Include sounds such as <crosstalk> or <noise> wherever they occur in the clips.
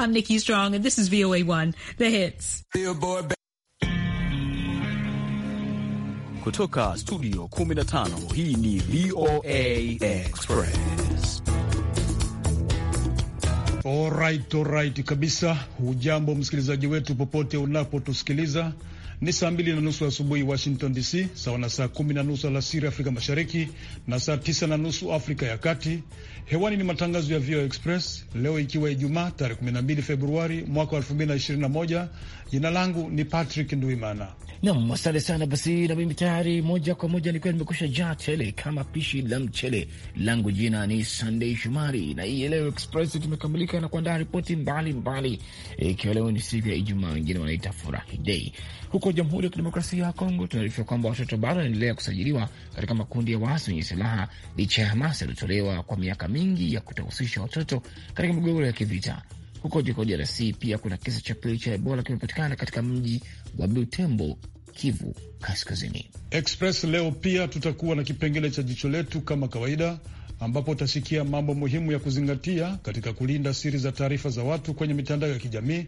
I'm Nikki Strong, and this is VOA1, The Hits. Kutoka studio 15, hii ni VOA Express. Alright, alright kabisa. Hujambo msikilizaji wetu popote unapotusikiliza. Ni saa mbili na nusu asubuhi Washington DC, sawa na saa kumi na nusu alasiri Afrika Mashariki na saa tisa na nusu Afrika ya Kati. Hewani ni matangazo ya VOA Express leo, ikiwa Ijumaa tarehe 12 Februari mwaka 2021. Jina langu ni Patrick Ndwimana. Nam, asante sana. Basi na mimi tayari moja kwa moja nikiwa nimekusha jaa tele kama pishi la mchele langu. Jina ni Sandei Shumari na hii leo Express tumekamilika na kuandaa ripoti mbalimbali, ikiwa leo ni siku ya Ijumaa, wengine wanaita furahi dei. Huko Jamhuri ya Kidemokrasia ya Kongo tunaarifiwa kwamba watoto bado wanaendelea kusajiliwa katika makundi ya waasi wenye silaha licha ya hamasa yaliyotolewa kwa miaka mingi ya kutohusisha watoto katika migogoro ya kivita. Huko jiko DRC pia kuna kisa cha pili cha Ebola kimepatikana katika mji wa Butembo, Kivu Kaskazini. Express leo pia tutakuwa na kipengele cha jicho letu kama kawaida ambapo utasikia mambo muhimu ya kuzingatia katika kulinda siri za taarifa za watu kwenye mitandao ya kijamii.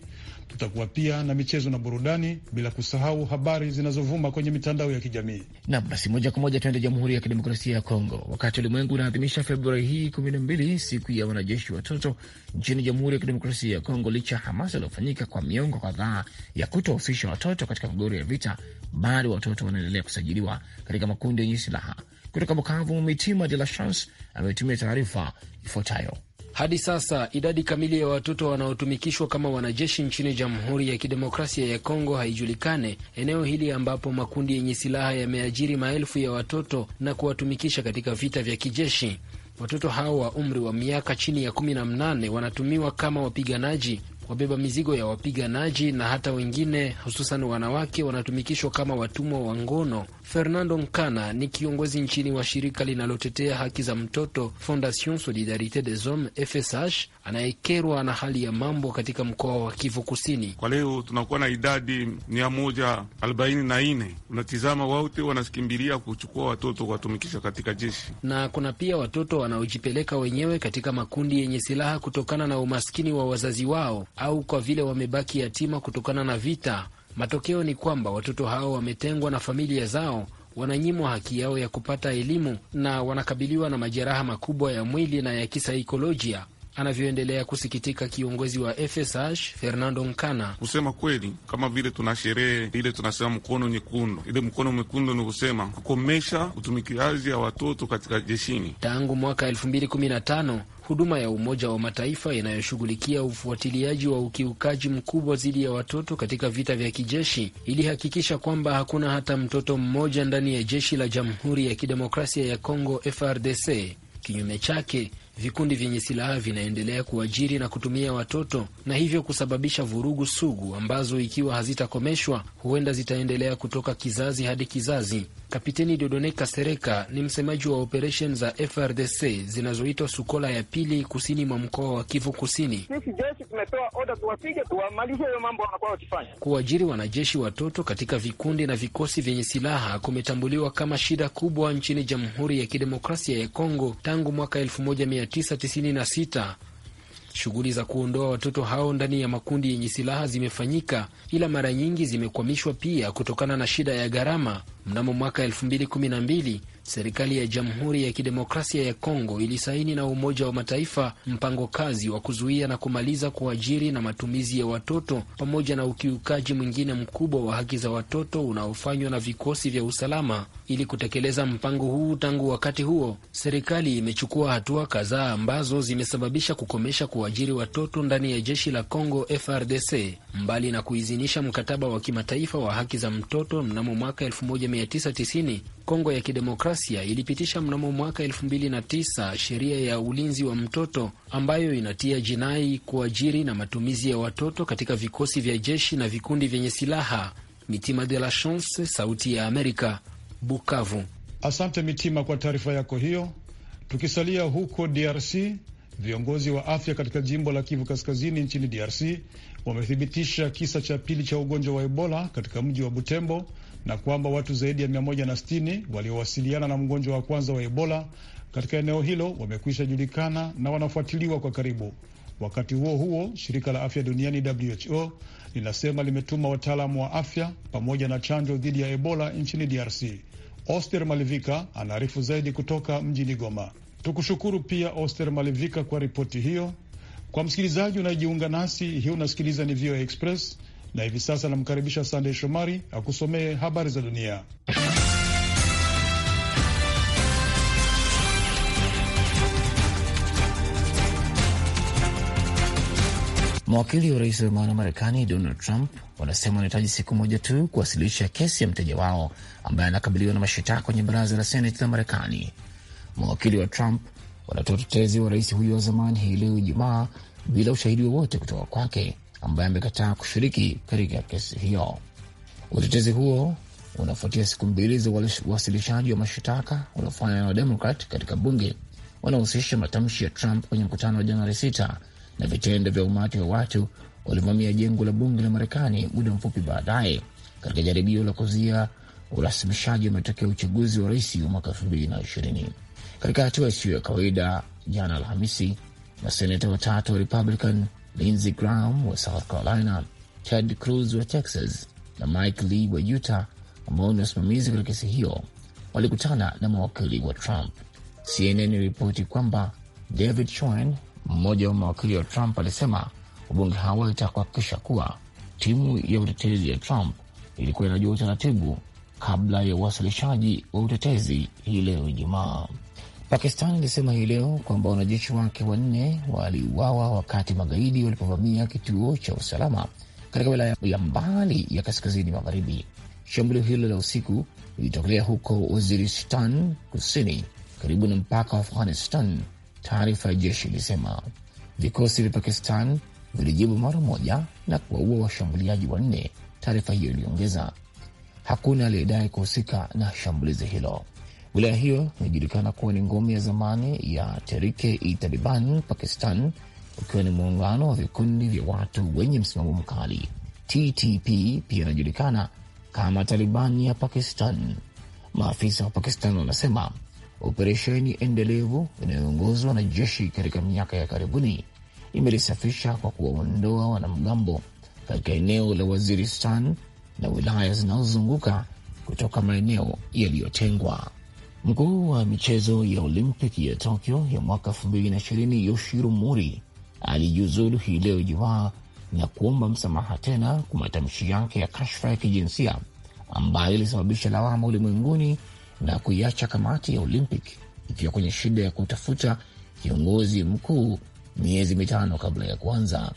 Tutakuwa pia na michezo na burudani, bila kusahau habari zinazovuma kwenye mitandao ya kijamii. Nam, basi moja kwa moja tuende Jamhuri ya Kidemokrasia ya Kongo. Wakati ulimwengu unaadhimisha Februari hii kumi na mbili siku ya wanajeshi watoto nchini Jamhuri ya Kidemokrasia ya Kongo, licha ya hamasa iliyofanyika kwa miongo kadhaa ya kutoofisha watoto katika migogoro ya vita, bado watoto wanaendelea kusajiliwa katika makundi yenye silaha kutoka Bukavu, Mitima de la Chance ametumia taarifa ifuatayo. Hadi sasa idadi kamili ya watoto wanaotumikishwa kama wanajeshi nchini Jamhuri ya Kidemokrasia ya Kongo haijulikane, eneo hili ambapo makundi yenye silaha yameajiri maelfu ya watoto na kuwatumikisha katika vita vya kijeshi. Watoto hao wa umri wa miaka chini ya kumi na mnane wanatumiwa kama wapiganaji wabeba mizigo ya wapiganaji na hata wengine, hususan wanawake, wanatumikishwa kama watumwa wa ngono. Fernando Nkana ni kiongozi nchini wa shirika linalotetea haki za mtoto Fondation Solidarite des Hommes FSH, anayekerwa na hali ya mambo katika mkoa wa Kivu Kusini. Kwa leo tunakuwa na idadi mia moja arobaini na nne. Unatizama wote wanakimbilia kuchukua watoto kuwatumikisha katika jeshi, na kuna pia watoto wanaojipeleka wenyewe katika makundi yenye silaha kutokana na umaskini wa wazazi wao au kwa vile wamebaki yatima kutokana na vita. Matokeo ni kwamba watoto hao wametengwa na familia zao, wananyimwa haki yao ya kupata elimu na wanakabiliwa na majeraha makubwa ya mwili na ya kisaikolojia anavyoendelea kusikitika kiongozi wa FSH Fernando Nkana. Kusema kweli, kama vile tuna sherehe ile tunasema mkono nyekundu, ile mkono mwekundu ni kusema kukomesha utumikiaji ya watoto katika jeshini tangu mwaka 2015. Huduma ya Umoja wa Mataifa inayoshughulikia ufuatiliaji wa ukiukaji mkubwa dhidi ya watoto katika vita vya kijeshi ilihakikisha kwamba hakuna hata mtoto mmoja ndani ya jeshi la Jamhuri ya Kidemokrasia ya Kongo, FRDC. Kinyume chake vikundi vyenye silaha vinaendelea kuajiri na kutumia watoto na hivyo kusababisha vurugu sugu ambazo ikiwa hazitakomeshwa huenda zitaendelea kutoka kizazi hadi kizazi. Kapiteni Dodone Kasereka ni msemaji wa operesheni za FRDC zinazoitwa Sukola ya pili kusini mwa mkoa wa Kivu Kusini. Kuajiri wanajeshi watoto katika vikundi na vikosi vyenye silaha kumetambuliwa kama shida kubwa nchini Jamhuri ya Kidemokrasia ya Kongo tangu mwaka 1996. Shughuli za kuondoa watoto hao ndani ya makundi yenye silaha zimefanyika, ila mara nyingi zimekwamishwa pia kutokana na shida ya gharama. Mnamo mwaka 2012 serikali ya Jamhuri ya Kidemokrasia ya Kongo ilisaini na Umoja wa Mataifa mpango kazi wa kuzuia na kumaliza kuajiri na matumizi ya watoto pamoja na ukiukaji mwingine mkubwa wa haki za watoto unaofanywa na vikosi vya usalama. Ili kutekeleza mpango huu, tangu wakati huo serikali imechukua hatua kadhaa ambazo zimesababisha kukomesha kuajiri watoto ndani ya jeshi la Kongo FRDC, mbali na kuidhinisha mkataba wa kimataifa wa haki za mtoto mnamo mwaka 1990 Kongo ya Kidemokrasia ilipitisha mnamo mwaka 2009 sheria ya ulinzi wa mtoto ambayo inatia jinai kuajiri na matumizi ya watoto katika vikosi vya jeshi na vikundi vyenye silaha. Mitima de la Chance, Sauti ya Amerika, Bukavu. Asante Mitima kwa taarifa yako hiyo. Tukisalia huko DRC, viongozi wa afya katika jimbo la Kivu Kaskazini nchini DRC wamethibitisha kisa cha pili cha ugonjwa wa Ebola katika mji wa Butembo na kwamba watu zaidi ya 160 waliowasiliana na mgonjwa wa kwanza wa Ebola katika eneo hilo wamekwisha julikana na wanafuatiliwa kwa karibu. Wakati huo huo, shirika la afya duniani WHO linasema limetuma wataalamu wa afya pamoja na chanjo dhidi ya Ebola nchini DRC. Oster Malivika anaarifu zaidi kutoka mjini Goma. Tukushukuru pia Oster Malivika kwa ripoti hiyo. Kwa msikilizaji unayejiunga nasi, hii unasikiliza ni VOA Express na hivi sasa anamkaribisha Sandey Shomari akusomee habari za dunia. Mawakili wa rais wa zamani wa Marekani Donald Trump wanasema wanahitaji siku moja tu kuwasilisha kesi ya mteja wao ambaye anakabiliwa na mashitaka kwenye baraza la seneti la Marekani. Mawakili wa Trump wanatoa utetezi wa rais huyo wa zamani hii leo Ijumaa bila ushahidi wowote kutoka kwake ambaye amekataa kushiriki katika kesi hiyo. Utetezi huo unafuatia siku mbili za uwasilishaji wa mashtaka uliofanywa na Wademokrat katika bunge wanaohusisha matamshi ya Trump kwenye mkutano wa Januari 6 na vitendo vya umati wa watu walivamia jengo la bunge la Marekani muda mfupi baadaye katika jaribio la kuzuia urasimishaji wa matokeo ya uchaguzi wa rais wa mwaka ishirini. Katika hatua isiyo ya kawaida, jana Alhamisi, maseneta watatu wa Republican Lindsey Graham wa South Carolina, Ted Cruz wa Texas na Mike Lee wa Utah, ambao ni wasimamizi katika kesi hiyo, walikutana na mawakili wa Trump. CNN iliripoti kwamba David Schoen, mmoja wa mawakili wa Trump, alisema wabunge hao walitaka kuhakikisha kuwa timu ya utetezi ya Trump ilikuwa inajua utaratibu kabla ya uwasilishaji wa utetezi hii leo Ijumaa. Pakistan ilisema hii leo kwamba wanajeshi wake wanne waliuawa wakati magaidi walipovamia kituo cha usalama katika wilaya ya mbali ya kaskazini magharibi. Shambulio hilo la usiku lilitokea huko Waziristan kusini karibu na mpaka wa Afghanistan, taarifa ya jeshi ilisema. Vikosi vya Pakistan vilijibu mara moja na kuwaua washambuliaji wanne, taarifa hiyo iliongeza. Hakuna aliyedai kuhusika na shambulizi hilo. Wilaya hiyo inajulikana kuwa ni ngome ya zamani ya terike i Taliban Pakistan, ukiwa ni muungano wa vikundi vya watu wenye msimamo mkali. TTP pia inajulikana kama Taliban ya Pakistan. Maafisa wa Pakistan wanasema operesheni endelevu inayoongozwa na jeshi katika miaka ya karibuni imelisafisha kwa kuwaondoa wanamgambo katika eneo la Waziristan na wilaya zinazozunguka kutoka maeneo yaliyotengwa. Mkuu wa michezo ya olympic ya Tokyo ya mwaka 2020 Yoshiro Mori alijiuzulu hii leo Ijumaa na kuomba msamaha tena kwa matamshi yake ya kashfa ya kijinsia ambayo ilisababisha lawama ulimwenguni na kuiacha kamati ya Olympic ikiwa kwenye shida ya kutafuta kiongozi mkuu miezi mitano kabla ya kuanza.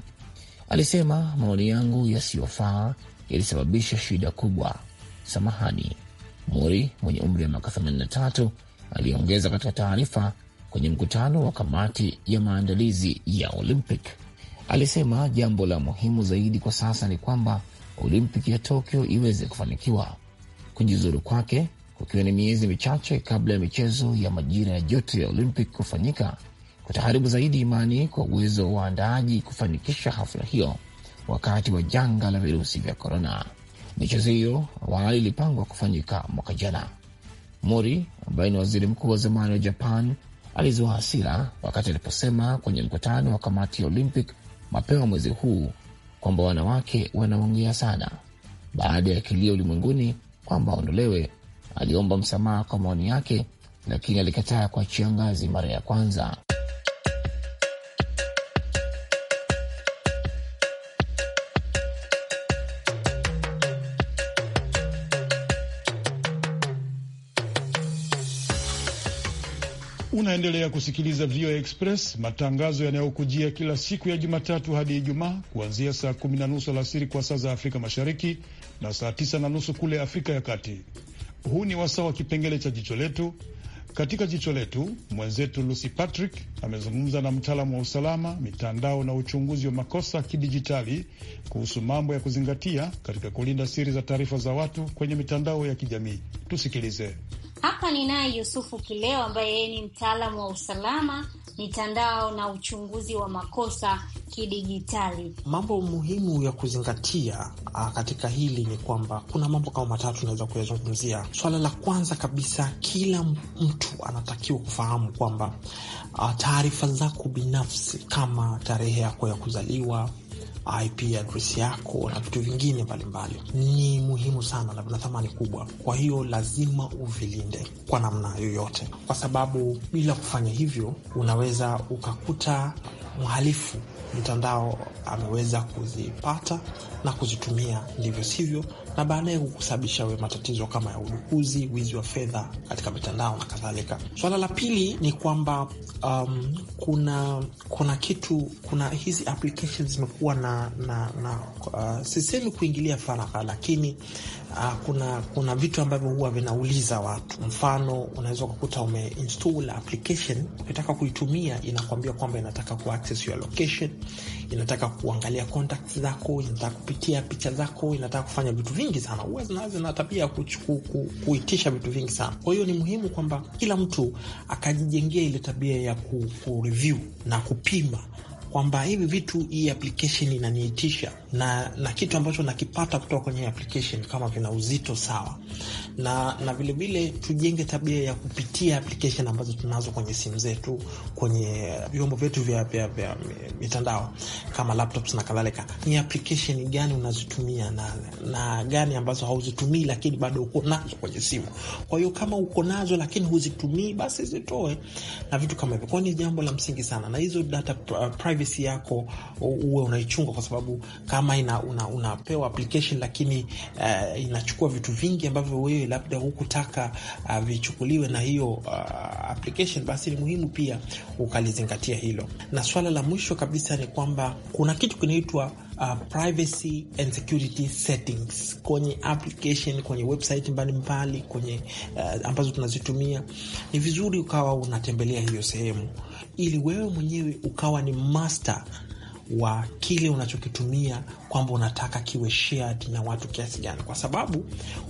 Alisema, maoni yangu yasiyofaa yalisababisha shida kubwa, samahani. Muri mwenye umri wa miaka 83 aliongeza katika taarifa kwenye mkutano wa kamati ya maandalizi ya Olympic. Alisema jambo la muhimu zaidi kwa sasa ni kwamba olimpic ya Tokyo iweze kufanikiwa. Kujizuru kwake kukiwa ni miezi michache kabla ya michezo ya majira ya joto ya Olympic kufanyika kutaharibu zaidi imani kwa uwezo wa waandaaji kufanikisha hafla hiyo wakati wa janga la virusi vya korona. Michezo hiyo awali ilipangwa kufanyika mwaka jana. Mori ambaye ni waziri mkuu wa zamani wa Japan alizua hasira wakati aliposema kwenye mkutano wa kamati ya Olympic mapema mwezi huu kwamba wanawake wanaongea sana. Baada ya kilio ulimwenguni kwamba aondolewe, aliomba msamaha kwa maoni yake, lakini alikataa kuachia ngazi mara ya kwanza. Unaendelea kusikiliza VOA Express, matangazo yanayokujia kila siku ya Jumatatu hadi Ijumaa kuanzia saa kumi na nusu alasiri kwa saa za Afrika Mashariki na saa tisa na nusu kule Afrika ya Kati. Huu ni wasaa wa kipengele cha jicho letu. Katika jicho letu, mwenzetu Lucy Patrick amezungumza na mtaalamu wa usalama, mitandao na uchunguzi wa makosa kidijitali kuhusu mambo ya kuzingatia katika kulinda siri za taarifa za watu kwenye mitandao ya kijamii. Tusikilize. Hapa ninaye Yusufu Kileo ambaye yeye ni mtaalamu wa usalama mitandao na uchunguzi wa makosa kidijitali. Mambo muhimu ya kuzingatia a, ah, katika hili ni kwamba kuna mambo kama matatu naweza kuyazungumzia. Swala la kwanza kabisa, kila mtu anatakiwa kufahamu kwamba ah, taarifa zako binafsi kama tarehe yako ya kuzaliwa IP address yako na vitu vingine mbalimbali, ni muhimu sana na vina thamani kubwa. Kwa hiyo lazima uvilinde kwa namna yoyote, kwa sababu bila kufanya hivyo unaweza ukakuta mhalifu mtandao ameweza kuzipata na kuzitumia ndivyo sivyo, na baadaye kukusababisha we matatizo kama ya udukuzi, wizi wa fedha katika mitandao na kadhalika. Swala la pili ni kwamba um, kuna kuna kitu kuna hizi applications zimekuwa na, na, na uh, sisemi kuingilia faragha, lakini uh, kuna kuna vitu ambavyo huwa vinauliza watu. Mfano, unaweza ukakuta umeinstall application, ukitaka kuitumia inakwambia kwamba inataka ku your location, inataka kuangalia contacts zako, inataka kupitia picha zako, inataka kufanya vitu vingi vingi sana, huwa na tabia ya kuitisha vitu vingi sana. Kwa hiyo ni muhimu kwamba kila mtu akajijengea ile tabia ya ku, ku review na kupima kwamba hivi vitu hii application inaniitisha na, na kitu ambacho nakipata kutoka kwenye application kama vina uzito sawa na na vilevile tujenge tabia ya kupitia application ambazo tunazo kwenye simu zetu, kwenye vyombo vyetu vya, vya, vya mitandao kama laptops na kadhalika. Ni application gani unazitumia na, na gani ambazo hauzitumii lakini bado uko nazo kwenye simu. Kwa hiyo kama uko nazo lakini huzitumii, basi zitoe na vitu kama hivyo. Kwa hiyo ni jambo la msingi sana, na hizo data privacy yako uwe unaichunga, kwa sababu kama ina, una, unapewa application lakini uh, inachukua vitu vingi ambavyo wewe labda hukutaka uh, vichukuliwe na hiyo uh, application, basi ni muhimu pia ukalizingatia hilo. Na swala la mwisho kabisa ni kwamba kuna kitu kinaitwa Uh, privacy and security settings kwenye application, kwenye website mbalimbali, kwenye uh, ambazo tunazitumia. Ni vizuri ukawa unatembelea hiyo sehemu, ili wewe mwenyewe ukawa ni master wa kile unachokitumia kwamba unataka kiwe shared na watu kiasi gani, kwa sababu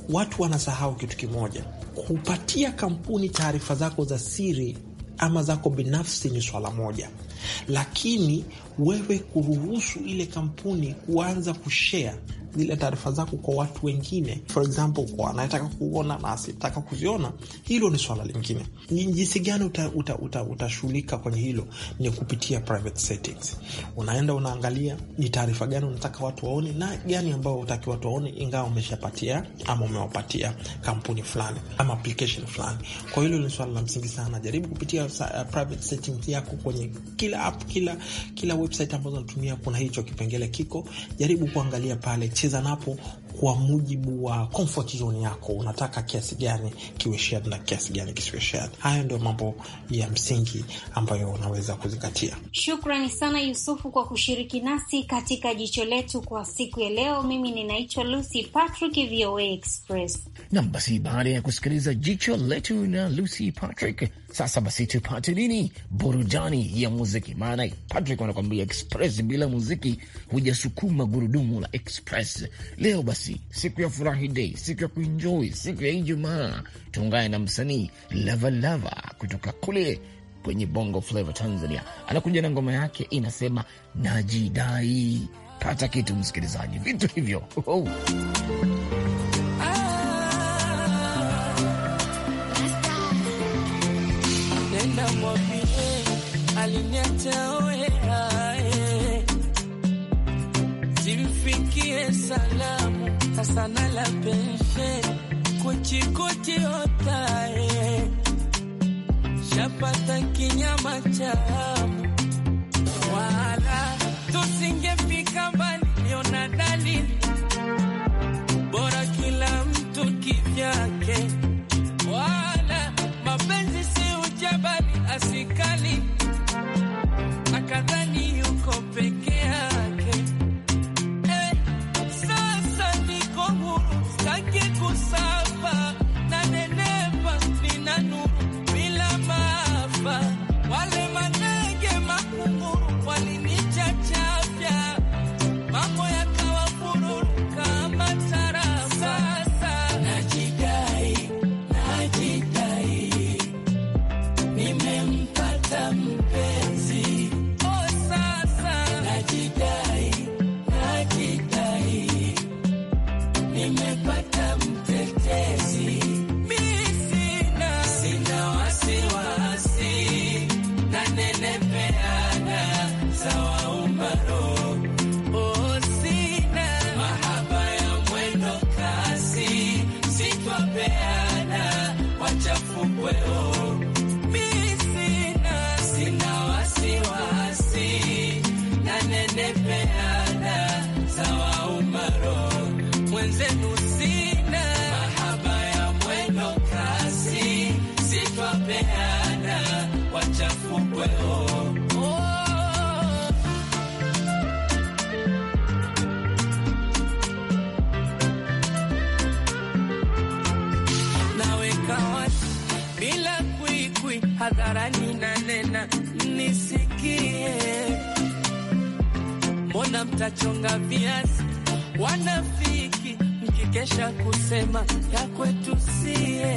watu wanasahau kitu kimoja. Kupatia kampuni taarifa zako za siri ama zako binafsi ni swala moja, lakini wewe kuruhusu ile kampuni kuanza kushare zile taarifa zako kwa watu wengine, for example, kwa anayetaka kuona na asitaka kuziona, hilo ni swala lingine. Ni jinsi gani utashughulika uta, uta, uta kwenye hilo? Ni kupitia private settings, unaenda unaangalia ni taarifa gani unataka watu waone na gani ambayo utaki watu waone, ingawa umeshapatia ama umewapatia kampuni fulani ama application fulani. Kwa hilo ni swala la msingi sana. Jaribu kupitia uh, private settings yako kwenye kila app, kila kila website ambazo unatumia, kuna hicho kipengele kiko, jaribu kuangalia pale kucheza napo kwa mujibu wa comfort zone yako, unataka kiasi gani kiwe shared na kiasi gani kisiwe shared. Hayo ndio mambo ya msingi ambayo unaweza kuzingatia. Shukrani sana Yusufu kwa kushiriki nasi katika jicho letu kwa siku ya leo. Mimi ninaitwa Lucy Patrick, VOA Express. Nam basi, baada ya kusikiliza jicho letu na Lucy Patrick, sasa basi tupate nini? Burudani ya muziki, maana Patrick wanakwambia express bila muziki hujasukuma gurudumu la express. Leo basi Jumamosi, siku ya furahi dei, siku ya kuenjoy, siku ya Ijumaa, tuungane na msanii lava lava kutoka kule kwenye Bongo Flava Tanzania. Anakuja na ngoma yake inasema najidai. Pata kitu msikilizaji, vitu hivyo oh. Ah, zimfikie salamu hasana la peshe kuchikuchi otae shapata kinyama chamu wala tusingefika mbali, liona dalili bora kila mtu kivya na mtachonga viazi. Wanafiki mkikesha kusema ya kwetu sie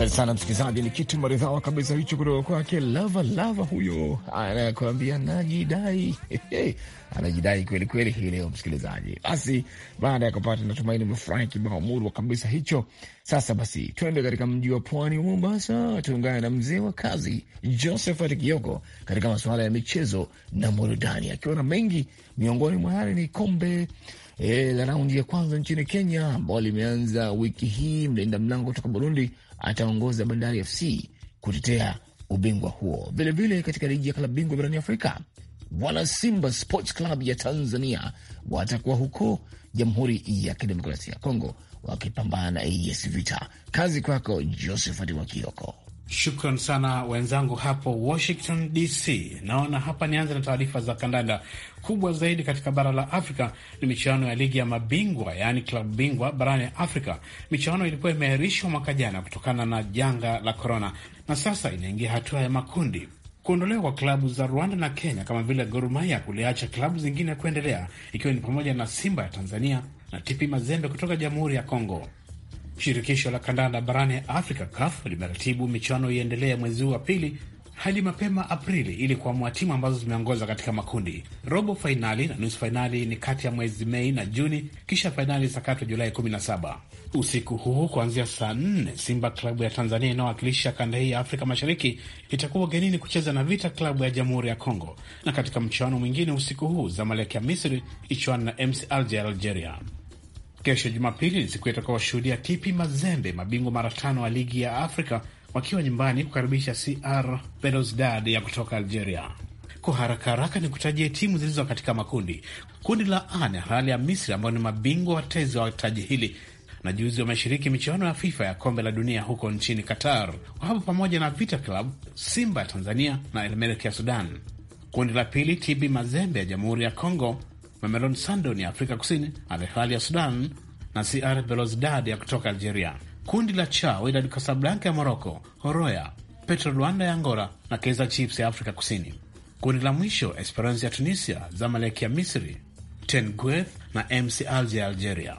Asante sana msikilizaji, ni kitu maridhawa kabisa hicho kutoka kwake Lava Lava. Huyo anakuambia najidai, <laughs> anajidai kweli kweli hii leo msikilizaji. Basi baada ya kupata, natumaini umefurahi kibao murwa kabisa hicho. Sasa basi, twende katika mji wa pwani wa Mombasa, tuungane na mzee wa kazi Josephat Kioko katika masuala ya michezo na burudani, akiwa na mengi. Miongoni mwa yale ni kombe e, la raundi ya kwanza nchini Kenya ambao limeanza wiki hii. Mlinda mlango kutoka Burundi ataongoza Bandari FC kutetea ubingwa huo. Vilevile katika ligi ya klabu bingwa barani Afrika, wana Simba Sports Club ya Tanzania watakuwa huko Jamhuri ya Kidemokrasia ya Kongo wakipambana na AS Vita. Kazi kwako Josephat Wakioko. Shukran sana wenzangu hapo Washington DC. Naona hapa nianze na taarifa za kandanda. Kubwa zaidi katika bara la Afrika ni michuano ya ligi ya mabingwa, yaani klabu bingwa barani Afrika. Michuano ilikuwa imeahirishwa mwaka jana kutokana na janga la korona, na sasa inaingia hatua ya makundi. Kuondolewa kwa klabu za Rwanda na Kenya kama vile Gor Mahia kuliacha klabu zingine kuendelea, ikiwa ni pamoja na Simba ya Tanzania na TP Mazembe kutoka Jamhuri ya Kongo. Shirikisho la kandanda barani ya Afrika, CAF, limeratibu michuano iendelee mwezi huu wa pili hadi mapema Aprili ili kuamua timu ambazo zimeongoza katika makundi. Robo fainali na nusu fainali ni kati ya mwezi Mei na Juni, kisha fainali sakatwa Julai 17. Usiku huu kuanzia saa nne, Simba klabu ya Tanzania inayowakilisha kanda hii ya Afrika Mashariki itakuwa ugenini kucheza na Vita klabu ya Jamhuri ya Kongo, na katika mchuano mwingine usiku huu Zamalek ya Misri ichuana na MC Alger Algeria. Kesho Jumapili ni siku itakaoshuhudia TP Mazembe, mabingwa mara tano wa ligi ya Afrika, wakiwa nyumbani kukaribisha CR Belouizdad ya kutoka Algeria. Kwa haraka haraka ni kutajia timu zilizo katika makundi. Kundi la A ni Al ya Misri ambayo ni mabingwa watezi wa taji hili na juzi wameshiriki michuano ya FIFA ya kombe la dunia huko nchini Qatar. Wapo pamoja na Vita Club, Simba ya Tanzania na El ya Sudan. Kundi la pili, TP Mazembe ya Jamhuri ya Kongo Mamelon Sandon ya Afrika Kusini, Alehali ya Sudan na CR Belouizdad ya kutoka Algeria. Kundi la cha Wydad Casablanca ya Moroko, Horoya Petro Luanda ya Angola na Kaizer Chiefs ya Afrika Kusini. Kundi la mwisho Esperance ya Tunisia, Zamalek ya Misri, Tengueth na MC Alger ya Algeria.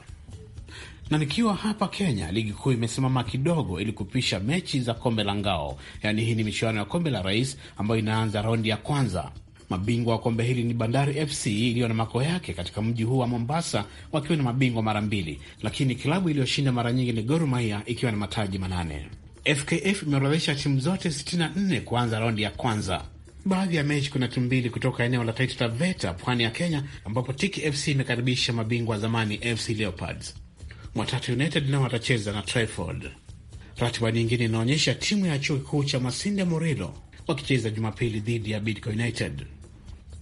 Na nikiwa hapa Kenya, ligi kuu imesimama kidogo ili kupisha mechi za kombe la Ngao, yaani hii ni michuano ya kombe la Rais ambayo inaanza raundi ya kwanza Mabingwa wa kombe hili ni Bandari FC iliyo na makao yake katika mji huu wa Mombasa, wakiwa na mabingwa mara mbili, lakini klabu iliyoshinda mara nyingi ni Gor Mahia ikiwa na mataji manane. FKF imeorodhesha timu zote 64 kuanza raundi ya kwanza. Baadhi ya mechi, kuna timu mbili kutoka eneo la Taita Taveta, pwani ya Kenya, ambapo Tiki FC imekaribisha mabingwa zamani FC Leopards. Mwatatu United nao watacheza na Trafford. Ratiba nyingine inaonyesha timu ya chuo kikuu cha Masinde Murilo wakicheza Jumapili dhidi ya Bidco United.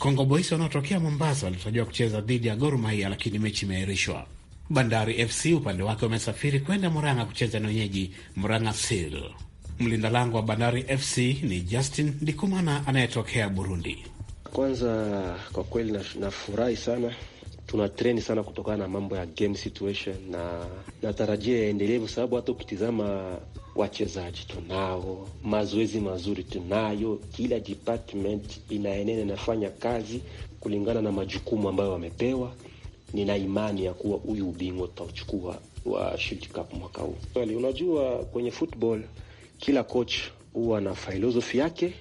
Kongo Boys wanaotokea Mombasa walitarajiwa kucheza dhidi ya Gor Mahia, lakini mechi imeahirishwa. Bandari FC upande wake wamesafiri kwenda Murang'a kucheza na wenyeji Murang'a Seal. Mlinda lango wa Bandari FC ni Justin Ndikumana anayetokea Burundi. Kwanza kwa kweli nafurahi sana tuna train sana kutokana na mambo ya game situation, na natarajia yaendelevu sababu hata ukitizama wachezaji tunao, mazoezi mazuri tunayo, kila department inaenena inafanya kazi kulingana na majukumu ambayo wamepewa. Nina imani ya kuwa huyu ubingwa tutauchukua wa Shield Cup mwaka huu. Unajua, kwenye football kila coach huwa na filosofi yake.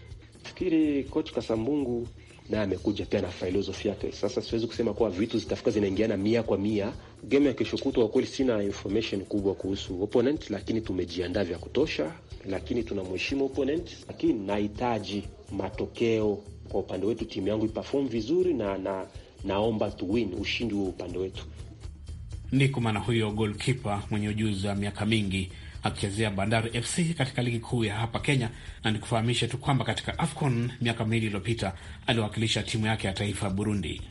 Fikiri coach Kasambungu naye amekuja pia na filosofi yake. Sasa siwezi kusema kuwa vitu zitafika zinaingiana mia kwa mia. Game ya kesho kutwa, kwa kweli sina information kubwa kuhusu opponent, lakini tumejiandaa vya kutosha, lakini tunamheshimu opponent, lakini nahitaji matokeo kwa upande wetu, timu yangu iperform vizuri na, na naomba tu win ushindi huo upande wetu. Ndikumana huyo goalkeeper mwenye ujuzi wa miaka mingi akichezea Bandari FC katika ligi kuu ya hapa Kenya. Na nikufahamishe tu kwamba katika AFCON miaka miwili iliyopita aliwakilisha timu yake ya taifa ya Burundi.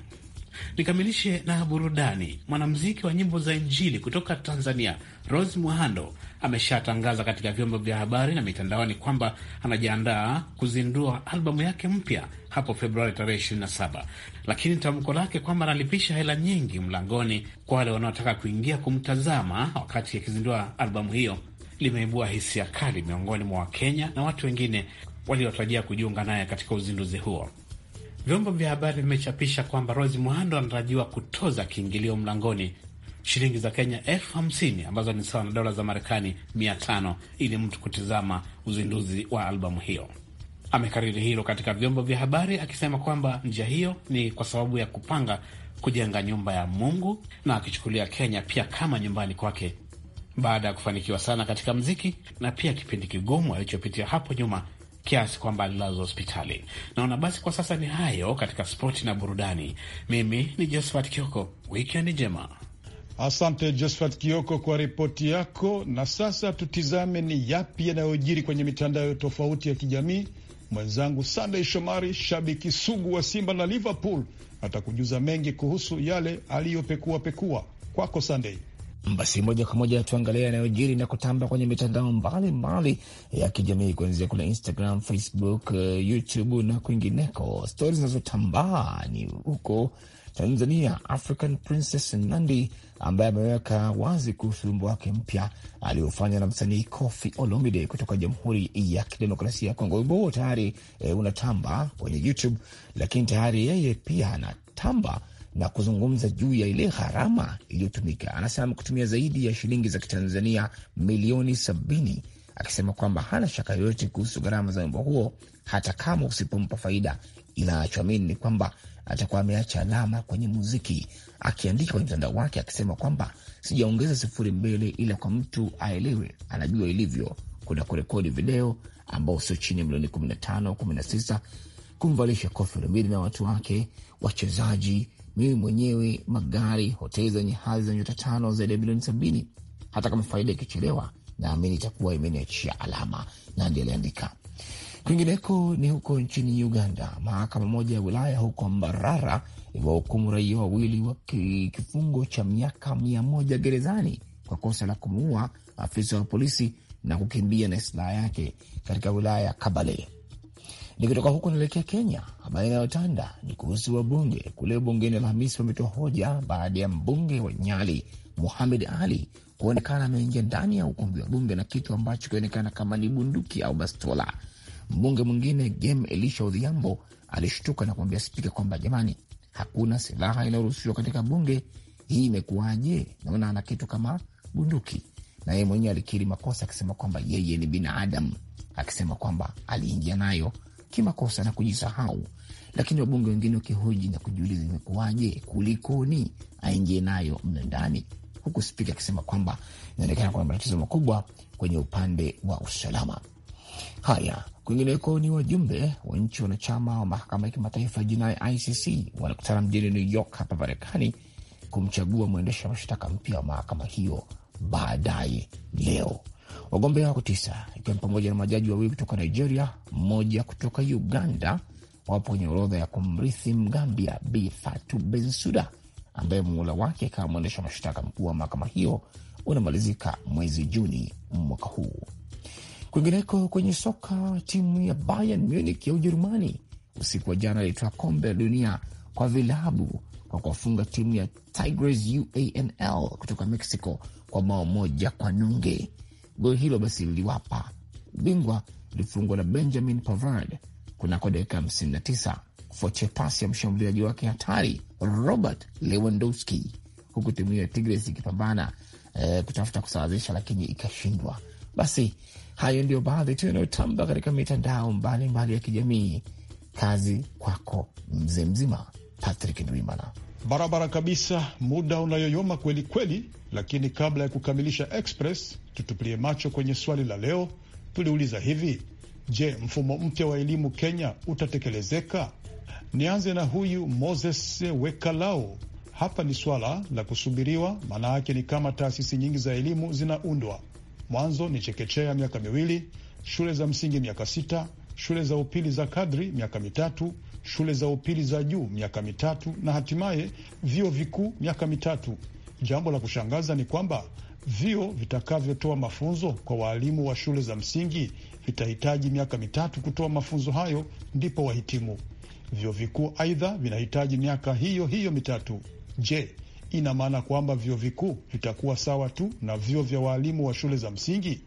Nikamilishe na burudani. Mwanamuziki wa nyimbo za Injili kutoka Tanzania, Rose Muhando ameshatangaza katika vyombo vya habari na mitandaoni kwamba anajiandaa kuzindua albamu yake mpya hapo Februari tarehe 27, lakini tamko lake kwamba analipisha hela nyingi mlangoni kwa wale wanaotaka kuingia kumtazama wakati akizindua albamu hiyo limeibua hisia kali miongoni mwa Wakenya na watu wengine waliotarajia kujiunga naye katika uzinduzi huo. Vyombo vya habari vimechapisha kwamba Rose Muhando anatarajiwa kutoza kiingilio mlangoni shilingi za Kenya elfu hamsini ambazo ni sawa na dola za Marekani mia tano ili mtu kutizama uzinduzi wa albamu hiyo. Amekariri hilo katika vyombo vya habari akisema kwamba njia hiyo ni kwa sababu ya kupanga kujenga nyumba ya Mungu na akichukulia Kenya pia kama nyumbani kwake baada ya kufanikiwa sana katika mziki na pia kipindi kigumu alichopitia hapo nyuma kiasi kwamba alilazwa hospitali. Naona basi kwa sasa ni hayo katika spoti na burudani. Mimi ni Josephat Kioko, wikendi njema. Asante Josephat Kioko kwa ripoti yako. Na sasa tutizame ni yapi yanayojiri kwenye mitandao tofauti ya kijamii. Mwenzangu Sandey Shomari, shabiki sugu wa Simba na Liverpool, atakujuza mengi kuhusu yale aliyopekuapekua. Kwako Sandey. Basi moja kwa moja tuangalia yanayojiri na kutamba kwenye mitandao mbalimbali ya kijamii, kuanzia kule Instagram, Facebook, eh, YouTube na kwingineko. Stori zinazotambaa ni huko Tanzania, African Princess Nandi ambaye ameweka wazi kuhusu wimbo wake mpya aliofanya na msanii Koffi Olomide kutoka Jamhuri ya Kidemokrasia ya Kongo. Wimbo huo tayari e, unatamba kwenye YouTube, lakini tayari yeye pia anatamba na kuzungumza juu ya ile gharama iliyotumika. Anasema amekutumia zaidi ya shilingi za kitanzania milioni sabini, akisema kwamba hana shaka yoyote kuhusu gharama za wimbo huo, hata kama usipompa faida. Inachoamini ni kwamba atakuwa ameacha alama kwenye muziki, akiandika kwenye mtandao wake akisema kwamba sijaongeza sifuri mbele, ila kwa mtu aelewe, anajua ilivyo. Kuna kurekodi video ambao sio chini ya milioni 15 16, kumvalisha kofi Olomide na watu wake, wachezaji mimi mwenyewe, magari, hoteli zenye hadhi za nyota tano zaidi ya milioni sabini. Hata kama faida ikichelewa, naamini itakuwa imeniachia alama, Nandi aliandika. Kwingineko ni huko nchini Uganda. Mahakama moja ya wilaya huko Mbarara imewahukumu raia wawili wa kifungo cha miaka mia moja gerezani kwa kosa la kumuua afisa wa polisi na kukimbia na silaha yake katika wilaya ya Kabale. Ni kutoka huko naelekea Kenya. Habari inayotanda ni kuhusu wabunge kule bungeni. Alhamisi wametoa hoja baada ya mbunge wa Nyali Muhamed Ali kuonekana ameingia ndani ya ukumbi wa bunge na kitu ambacho kionekana kama ni bunduki au bastola. Mbunge mwingine Gem Elisha Odhiambo alishtuka na kuambia spika kwamba jamani, hakuna silaha inayoruhusiwa katika bunge, hii imekuwaje? Naona ana kitu kama bunduki. Na yeye mwenyewe alikiri makosa akisema kwamba yeye ni binadamu, akisema kwamba aliingia nayo kimakosa na kujisahau, lakini wabunge wengine wakihoji na kujiuliza imekuwaje, kulikoni, aingie nayo mle ndani, huku spika akisema kwamba inaonekana kuna matatizo makubwa kwenye upande wa usalama. Haya, kwingineko ni wajumbe wa nchi wanachama wa mahakama ya kimataifa ya jinai ICC wanakutana mjini New York hapa Marekani kumchagua mwendesha mashtaka mpya wa mahakama hiyo baadaye leo. Wagombea wako tisa, ikiwa ni pamoja na majaji wawili kutoka Nigeria, mmoja kutoka Uganda. Wapo kwenye orodha ya kumrithi Mgambia Bi bensuda ambaye muhula wake kama mwendesha mashtaka mkuu wa mahakama hiyo unamalizika mwezi Juni mwaka huu. Kwingineko kwenye soka, timu ya Bayern Munich ya Ujerumani usiku wa jana ilitoa kombe la dunia kwa vilabu kwa kuwafunga timu ya Tigres UANL kutoka Mexico kwa bao moja kwa nunge goli hilo basi liliwapa bingwa. Lilifungwa na Benjamin Pavard kunako dakika 59 kufuatia pasi ya mshambuliaji wake hatari Robert Lewandowski, huku timu hiyo ya Tigres ikipambana eh, kutafuta kusawazisha lakini ikashindwa. Basi hayo ndio baadhi tu yanayotamba katika mitandao mbalimbali ya kijamii. Kazi kwako mzee mzima Patrick Ndwimana barabara kabisa, muda unayoyoma kweli kweli. Lakini kabla ya kukamilisha Express, tutupilie macho kwenye swali la leo. Tuliuliza hivi: Je, mfumo mpya wa elimu Kenya utatekelezeka? Nianze na huyu Moses Wekalao. Hapa ni swala la kusubiriwa, maana yake ni kama taasisi nyingi za elimu zinaundwa. Mwanzo ni chekechea miaka miwili, shule za msingi miaka sita, shule za upili za kadri miaka mitatu, shule za upili za juu miaka mitatu na hatimaye vyuo vikuu miaka mitatu. Jambo la kushangaza ni kwamba vyuo vitakavyotoa mafunzo kwa waalimu wa shule za msingi vitahitaji miaka mitatu kutoa mafunzo hayo, ndipo wahitimu. Vyuo vikuu aidha vinahitaji miaka hiyo hiyo mitatu. Je, ina maana kwamba vyuo vikuu vitakuwa sawa tu na vyuo vya waalimu wa shule za msingi?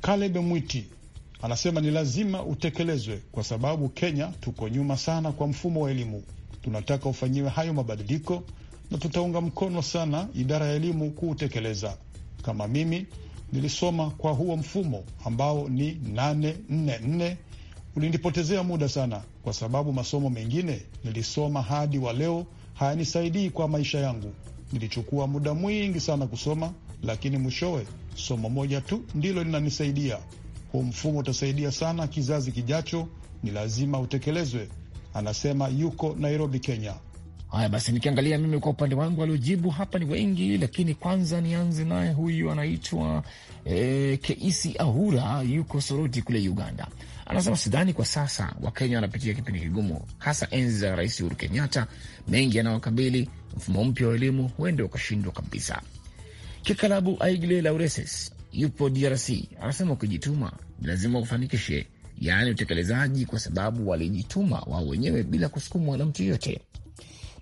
Kalebe Mwiti Anasema ni lazima utekelezwe kwa sababu Kenya tuko nyuma sana kwa mfumo wa elimu. Tunataka ufanyiwe hayo mabadiliko na tutaunga mkono sana idara ya elimu kuutekeleza. Kama mimi nilisoma kwa huo mfumo ambao ni 844 ulinipotezea muda sana, kwa sababu masomo mengine nilisoma hadi wa leo hayanisaidii kwa maisha yangu. Nilichukua muda mwingi sana kusoma, lakini mwishowe somo moja tu ndilo linanisaidia huu mfumo utasaidia sana kizazi kijacho, ni lazima utekelezwe, anasema yuko Nairobi, Kenya. Haya basi, nikiangalia mimi kwa upande wangu waliojibu hapa ni wengi, lakini kwanza nianze naye huyu anaitwa e, Keisi Ahura, yuko Soroti kule Uganda. Anasema sidhani kwa sasa Wakenya wanapitia kipindi kigumu, hasa enzi za Rais Uhuru Kenyatta. Mengi yanayokabili mfumo mpya wa elimu huende ukashindwa kabisa. Kikalabu Aigle Laureses yupo DRC anasema ukijituma lazima ufanikishe, yaani utekelezaji, kwa sababu walijituma wao wenyewe bila kusukumwa na mtu yoyote.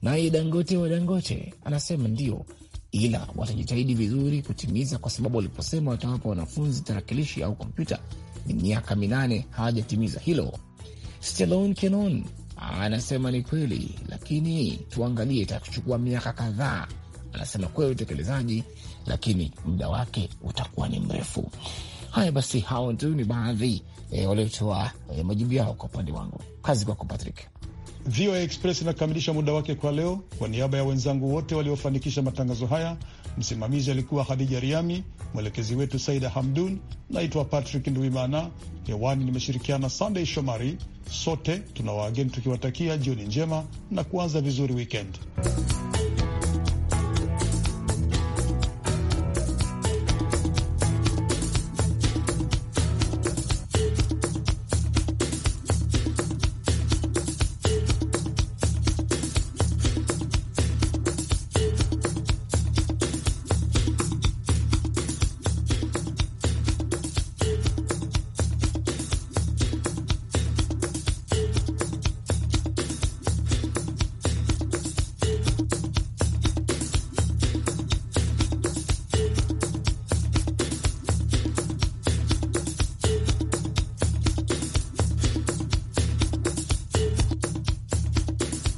Naye Dangote wa Dangote anasema ndio, ila watajitahidi vizuri kutimiza, kwa sababu waliposema watawapa wanafunzi tarakilishi au kompyuta, ni miaka minane hawajatimiza hilo. Stelon Kenon anasema ni kweli, lakini tuangalie, itachukua miaka kadhaa. Anasema kweli utekelezaji lakini muda wake utakuwa ni mrefu. Haya basi, hao tu ni baadhi e, waliotoa e, majibu yao kwa upande wangu. Kazi kwako Patrick. VOA Express inakamilisha muda wake kwa leo. Kwa niaba ya wenzangu wote waliofanikisha matangazo haya, msimamizi alikuwa Khadija Riami, mwelekezi wetu Saida Hamdun. Naitwa Patrick Nduimana, hewani nimeshirikiana sandey Shomari. Sote tuna waageni tukiwatakia jioni njema na kuanza vizuri wikendi.